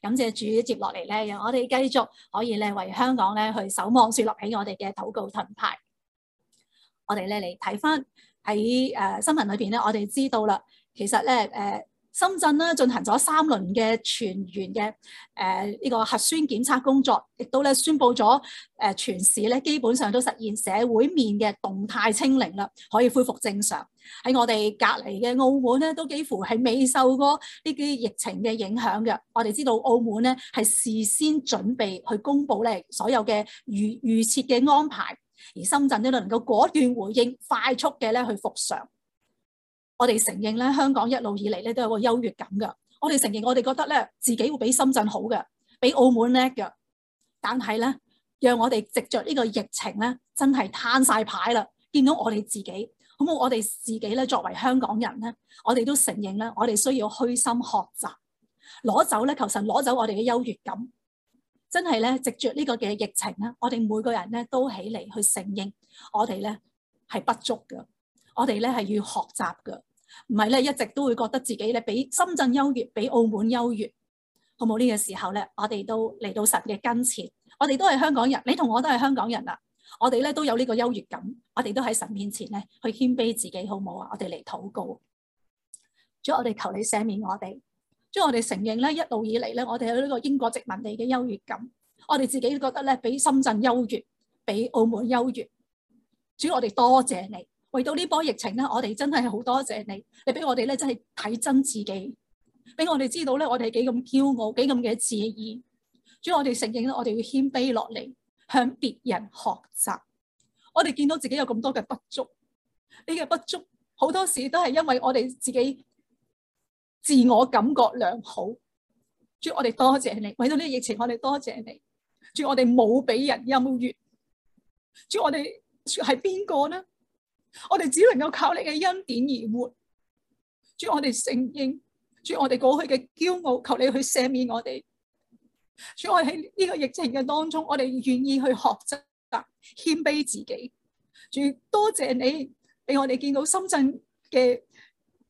感謝主接落嚟咧，讓我哋繼續可以咧為香港咧去守望雪落起，我哋嘅禱告盾牌。我哋咧嚟睇返喺誒新聞裏邊咧，我哋知道啦，其實咧誒。呃深圳咧進行咗三輪嘅全員嘅誒呢個核酸檢測工作，亦都咧宣布咗誒、呃、全市咧基本上都實現社會面嘅動態清零啦，可以恢復正常。喺我哋隔籬嘅澳門咧，都幾乎係未受過呢啲疫情嘅影響嘅。我哋知道澳門咧係事先準備去公布咧所有嘅預預設嘅安排，而深圳都能夠果斷回應，快速嘅咧去復常。我哋承認咧，香港一路以嚟咧都有個優越感噶。我哋承認，我哋覺得咧自己會比深圳好嘅，比澳門叻嘅。但係咧，讓我哋藉着呢個疫情咧，真係攤晒牌啦。見到我哋自己，咁、嗯、我哋自己咧，作為香港人咧，我哋都承認咧，我哋需要虛心學習，攞走咧，求神攞走我哋嘅優越感。真係咧，藉着呢個嘅疫情咧，我哋每個人咧都起嚟去承認我呢，我哋咧係不足嘅，我哋咧係要學習嘅。唔係咧，一直都會覺得自己咧比深圳優越，比澳門優越，好冇？呢個時候咧，我哋都嚟到神嘅跟前，我哋都係香港人，你同我都係香港人啦，我哋咧都有呢個優越感，我哋都喺神面前咧去謙卑自己，好冇啊？我哋嚟禱告，主，我哋求你赦免我哋，主，我哋承認咧，一路以嚟咧，我哋有呢個英國殖民地嘅優越感，我哋自己覺得咧，比深圳優越，比澳門優越。主，我哋多謝你。去到呢波疫情咧，我哋真係好多謝你，你俾我哋咧真係睇真自己，俾我哋知道咧，我哋幾咁驕傲，幾咁嘅自意。主，我哋承認咧，我哋要謙卑落嚟，向別人學習。我哋見到自己有咁多嘅不足，呢嘅不足好多時都係因為我哋自己自我感覺良好。主，我哋多謝你，為到呢個疫情我哋多謝你。主，我哋冇俾人恩怨，主，我哋係邊個咧？我哋只能夠靠你嘅恩典而活。主，我哋承認，主，我哋過去嘅驕傲，求你去赦免我哋。主，我哋喺呢個疫情嘅當中，我哋願意去學習謙卑自己。主，多謝你俾我哋見到深圳嘅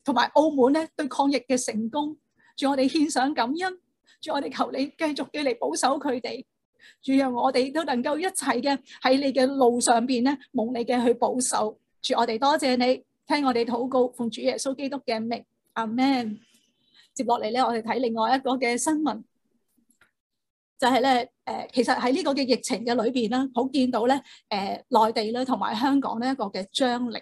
同埋澳門咧，對抗疫嘅成功。主，我哋獻上感恩。主，我哋求你繼續地嚟保守佢哋。主，讓我哋都能夠一齊嘅喺你嘅路上邊咧，蒙你嘅去保守。主，我哋多謝你聽我哋禱告，奉主耶穌基督嘅名，阿門。接落嚟咧，我哋睇另外一個嘅新聞，就係咧，誒，其實喺呢個嘅疫情嘅裏邊啦，好見到咧，誒，內地咧同埋香港呢一個嘅張力。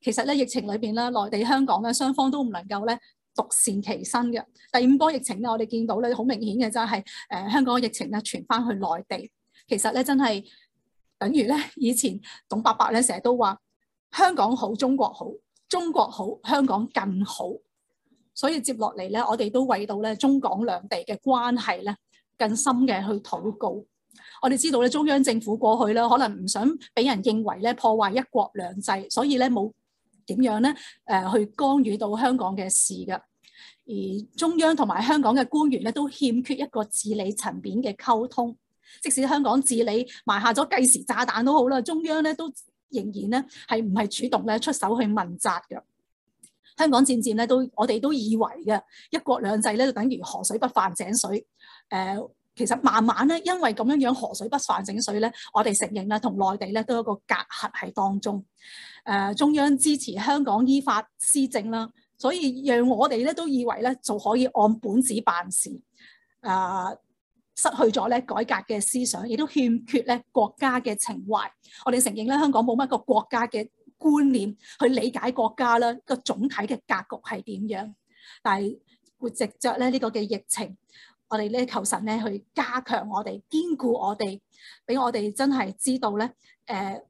其實咧，疫情裏邊啦，內地香港咧，雙方都唔能夠咧獨善其身嘅。第五波疫情啊，我哋見到咧，好明顯嘅就係，誒，香港疫情咧傳翻去內地，其實咧真係等於咧以前董伯伯咧成日都話。香港好，中國好，中國好，香港更好。所以接落嚟咧，我哋都為到咧中港兩地嘅關係咧更深嘅去禱告。我哋知道咧，中央政府過去咧可能唔想俾人認為咧破壞一國兩制，所以咧冇點樣咧誒、呃、去干預到香港嘅事㗎。而中央同埋香港嘅官員咧都欠缺一個治理層面嘅溝通，即使香港治理埋下咗計時炸彈都好啦，中央咧都。仍然咧係唔係主動咧出手去問責嘅？香港漸漸咧都我哋都以為嘅一國兩制咧就等於河水不犯井水。誒、呃，其實慢慢咧因為咁樣樣河水不犯井水咧，我哋承認啦，同內地咧都有一個隔閡喺當中。誒、呃，中央支持香港依法施政啦，所以讓我哋咧都以為咧就可以按本子辦事。誒、呃。失去咗咧改革嘅思想，亦都欠缺咧國家嘅情懷。我哋承認咧，香港冇乜一個國家嘅觀念去理解國家啦，個總體嘅格局係點樣？但係，會藉著咧呢、這個嘅疫情，我哋咧求神咧去加強我哋堅固我哋，俾我哋真係知道咧誒、呃、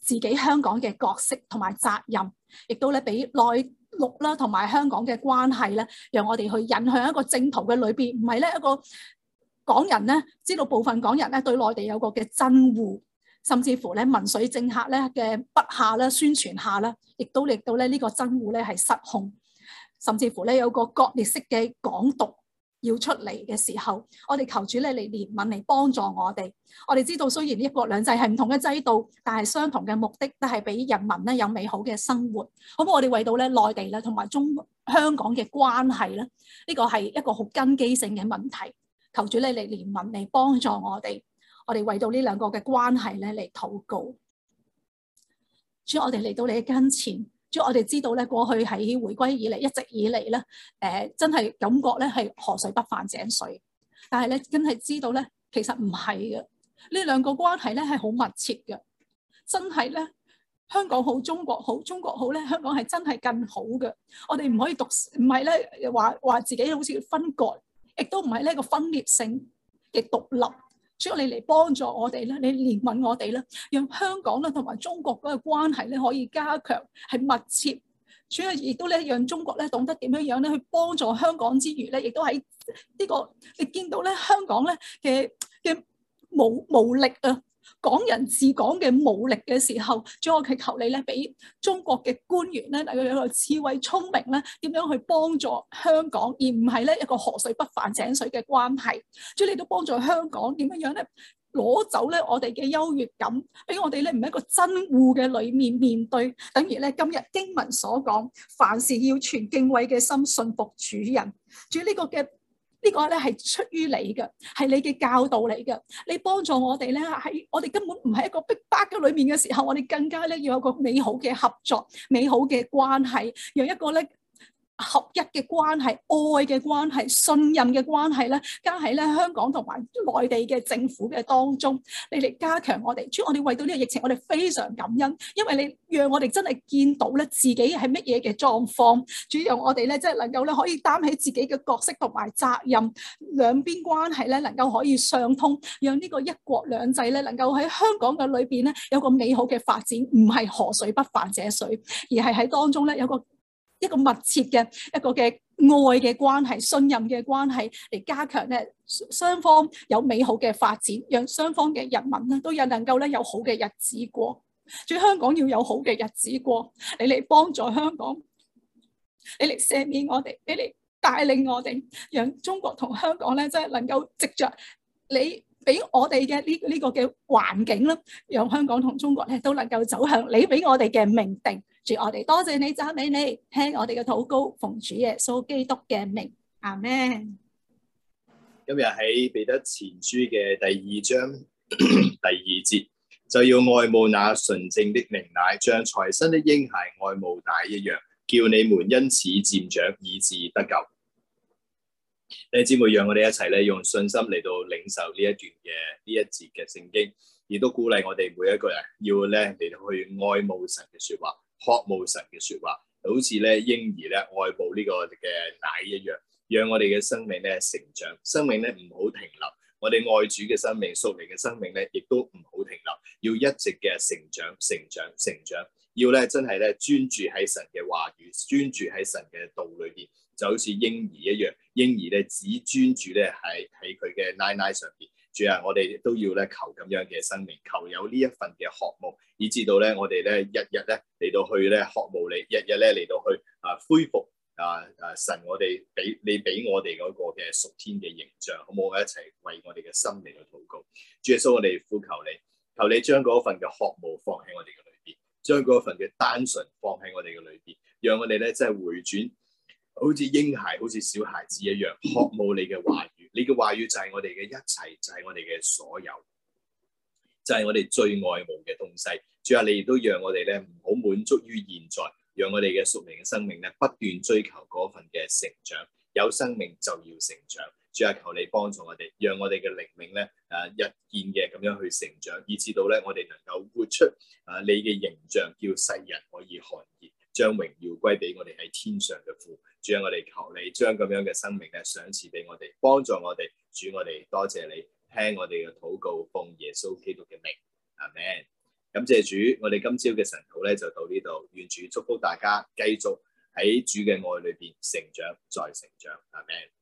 自己香港嘅角色同埋責任，亦都咧俾內陸啦同埋香港嘅關係咧，讓我哋去引向一個正途嘅裏邊，唔係咧一個。港人咧知道部分港人咧對內地有個嘅憎惡，甚至乎咧民粹政客咧嘅筆下咧宣傳下咧，亦都令到咧呢個憎惡咧係失控，甚至乎咧有個割裂式嘅港獨要出嚟嘅時候，我哋求主咧嚟憐憫嚟幫助我哋。我哋知道雖然一國兩制係唔同嘅制度，但係相同嘅目的都係俾人民咧有美好嘅生活。好唔好？我哋為到咧內地啦同埋中香港嘅關係咧，呢、這個係一個好根基性嘅問題。求主你嚟憐憫嚟幫助我哋，我哋為到呢兩個嘅關係咧嚟禱告。主，我哋嚟到你嘅跟前，主，我哋知道咧過去喺回歸以嚟一直以嚟咧，誒、呃，真係感覺咧係河水不犯井水，但係咧真係知道咧其實唔係嘅，呢兩個關係咧係好密切嘅，真係咧香港好，中國好，中國好咧香港係真係更好嘅。我哋唔可以獨唔係咧話話自己好似分割，亦都唔係呢個分裂性嘅獨立，主要你嚟幫助我哋咧，你憐憫我哋咧，讓香港咧同埋中國嗰個關係咧可以加強，係密切。主要亦都咧讓中國咧懂得點樣樣咧去幫助香港之餘咧，亦都喺呢個你見到咧香港咧嘅嘅無無力啊。港人治港嘅武力嘅時候，將我祈求你咧，俾中國嘅官員咧，例如一個智慧聰明咧，點樣去幫助香港，而唔係咧一個河水不犯井水嘅關係。將你都幫助香港點樣樣咧，攞走咧我哋嘅優越感，俾我哋咧唔係一個真護嘅裏面面對，等於咧今日經文所講，凡事要存敬畏嘅心，信服主人。將你個嘅。呢個咧係出於你嘅，係你嘅教導嚟嘅，你幫助我哋咧喺我哋根本唔係一個逼 i 嘅裏面嘅時候，我哋更加咧要有一個美好嘅合作、美好嘅關係，有一個咧。合一嘅關係、愛嘅關係、信任嘅關係咧，加喺咧香港同埋內地嘅政府嘅當中，你哋加強我哋，主要我哋為到呢個疫情，我哋非常感恩，因為你讓我哋真係見到咧自己係乜嘢嘅狀況，主要我哋咧即係能夠咧可以擔起自己嘅角色同埋責任，兩邊關係咧能夠可以上通，讓呢個一國兩制咧能夠喺香港嘅裏邊咧有個美好嘅發展，唔係河水不犯井水，而係喺當中咧有個。一個密切嘅一個嘅愛嘅關係、信任嘅關係嚟加強咧，雙方有美好嘅發展，讓雙方嘅人民咧都有能夠咧有好嘅日子過。最香港要有好嘅日子過，你嚟幫助香港，你嚟赦免我哋，你嚟帶領我哋，讓中國同香港咧真係能夠藉著你。俾我哋嘅呢呢個嘅環境啦，讓香港同中國咧都能夠走向你俾我哋嘅命定住我哋，多謝你讚美你，聽我哋嘅禱告，奉主耶穌基督嘅名，阿門。今日喺彼得前書嘅第二章第二節，就要愛慕那純淨的靈奶，像財生的嬰孩愛慕奶一樣，叫你們因此漸長，以致得救。弟兄姊妹，讓我哋一齊咧用信心嚟到領受呢一段嘅呢一節嘅聖經，亦都鼓勵我哋每一個人要咧嚟到去愛慕神嘅說話，渴慕神嘅說話，好似咧嬰兒咧愛慕呢個嘅奶一樣，讓我哋嘅生命咧成長，生命咧唔好停留，我哋愛主嘅生命、屬靈嘅生命咧，亦都唔好停留，要一直嘅成長、成長、成長，要咧真係咧專注喺神嘅話語，專注喺神嘅道裏邊。就好似嬰兒一樣，嬰兒咧只專注咧係喺佢嘅奶奶上邊。主啊，我哋都要咧求咁樣嘅生命，求有呢一份嘅渴慕，以至到咧我哋咧日日咧嚟到去咧渴慕你，日日咧嚟到去啊恢復啊啊神我，我哋俾你俾我哋嗰個嘅屬天嘅形象，好唔好？一齊為我哋嘅生命去禱告。主耶穌，我哋呼求你，求你將嗰份嘅渴慕放喺我哋嘅裏邊，將嗰份嘅單純放喺我哋嘅裏邊，讓我哋咧真係回轉。好似嬰孩，好似小孩子一樣，渴慕你嘅話語。你嘅話語就係我哋嘅一切，就係、是、我哋嘅所有，就係、是、我哋最愛慕嘅東西。主啊，你亦都讓我哋咧唔好滿足於現在，讓我哋嘅屬靈、嘅生命咧不斷追求嗰份嘅成長。有生命就要成長。主啊，求你幫助我哋，讓我哋嘅靈命咧誒日漸嘅咁樣去成長，以至到咧我哋能夠活出啊你嘅形象，叫世人可以看見，將榮耀歸俾我哋喺天上嘅父。主我哋求你將咁樣嘅生命咧賞賜俾我哋，幫助我哋，主，我哋多謝你聽我哋嘅禱告，奉耶穌基督嘅名，阿門。感謝主，我哋今朝嘅晨禱咧就到呢度，願主祝福大家，繼續喺主嘅愛裏邊成長再成長，阿門。